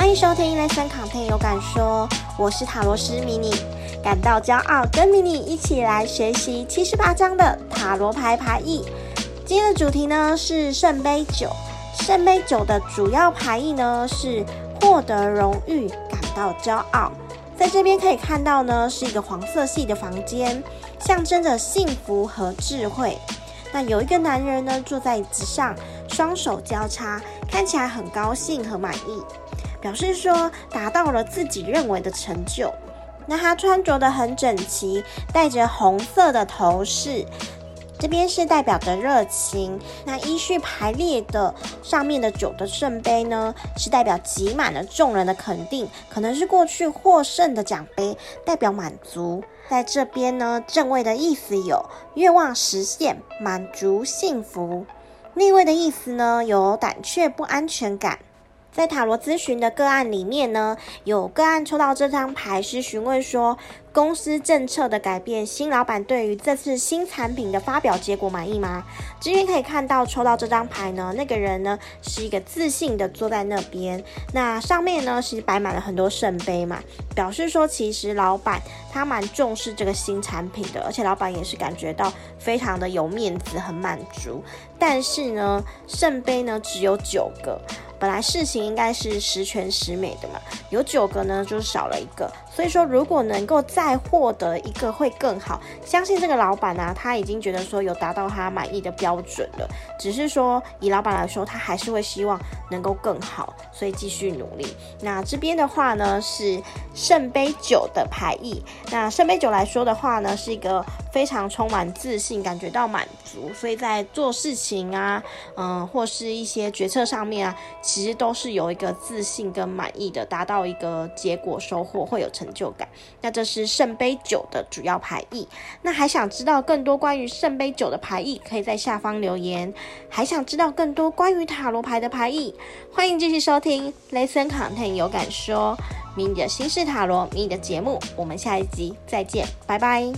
歡迎收聽《ListenContent 有感說》，我是塔羅師迷你，感到驕傲，跟迷你一起來學習七十八張的塔羅牌牌意。今天的主題呢是聖杯九。聖杯九的主要牌意呢是獲得榮譽，感到驕傲。在這邊可以看到呢是一個黃色系的房間，象徵着幸福和智慧。那有一個男人呢坐在椅子上，雙手交叉，看起來很高興和滿意。表示說達到了自己認為的成就，那他穿着的很整齊，戴着紅色的頭飾，這邊是代表着熱情。那依序排列的上面的九個聖杯呢，是代表擠滿了眾人的肯定，可能是過去獲勝的獎杯，代表滿足。在這邊呢，正位的意思有願望實現、滿足、幸福；逆位的意思呢，有膽怯、不安全感。在塔羅諮詢的個案裡面呢，有個案抽到這張牌是詢問說，公司政策的改變，新老闆對於這次新產品的發表結果滿意嗎？今天可以看到抽到這張牌呢，那個人呢是一個自信的坐在那邊，那上面呢是擺滿了很多聖杯嘛，表示說其實老闆他蠻重視這個新產品的，而且老闆也是感覺到非常的有面子，很滿足。但是呢，聖杯呢只有九個。本來事情應該是十全十美的嘛，有九個呢，就是少了一個，所以說如果能夠再獲得一個會更好。相信這個老闆呢、啊，他已經覺得說有達到他滿意的標準了，只是說以老闆來說，他還是會希望能夠更好，所以繼續努力。那這邊的話呢是聖杯九的牌意，那聖杯九來說的話呢是一個。非常充滿自信，感覺到滿足，所以在做事情啊，嗯，或是一些決策上面啊，其實都是有一個自信跟滿意的，達到一個結果收穫會有成就感。那這是聖杯九的主要牌意。那還想知道更多關於聖杯九的牌意，可以在下方留言。還想知道更多關於塔羅牌的牌意，歡迎繼續收聽 Listen Content 有感說迷你的新式塔羅，迷你的節目，我們下一集再見，拜拜。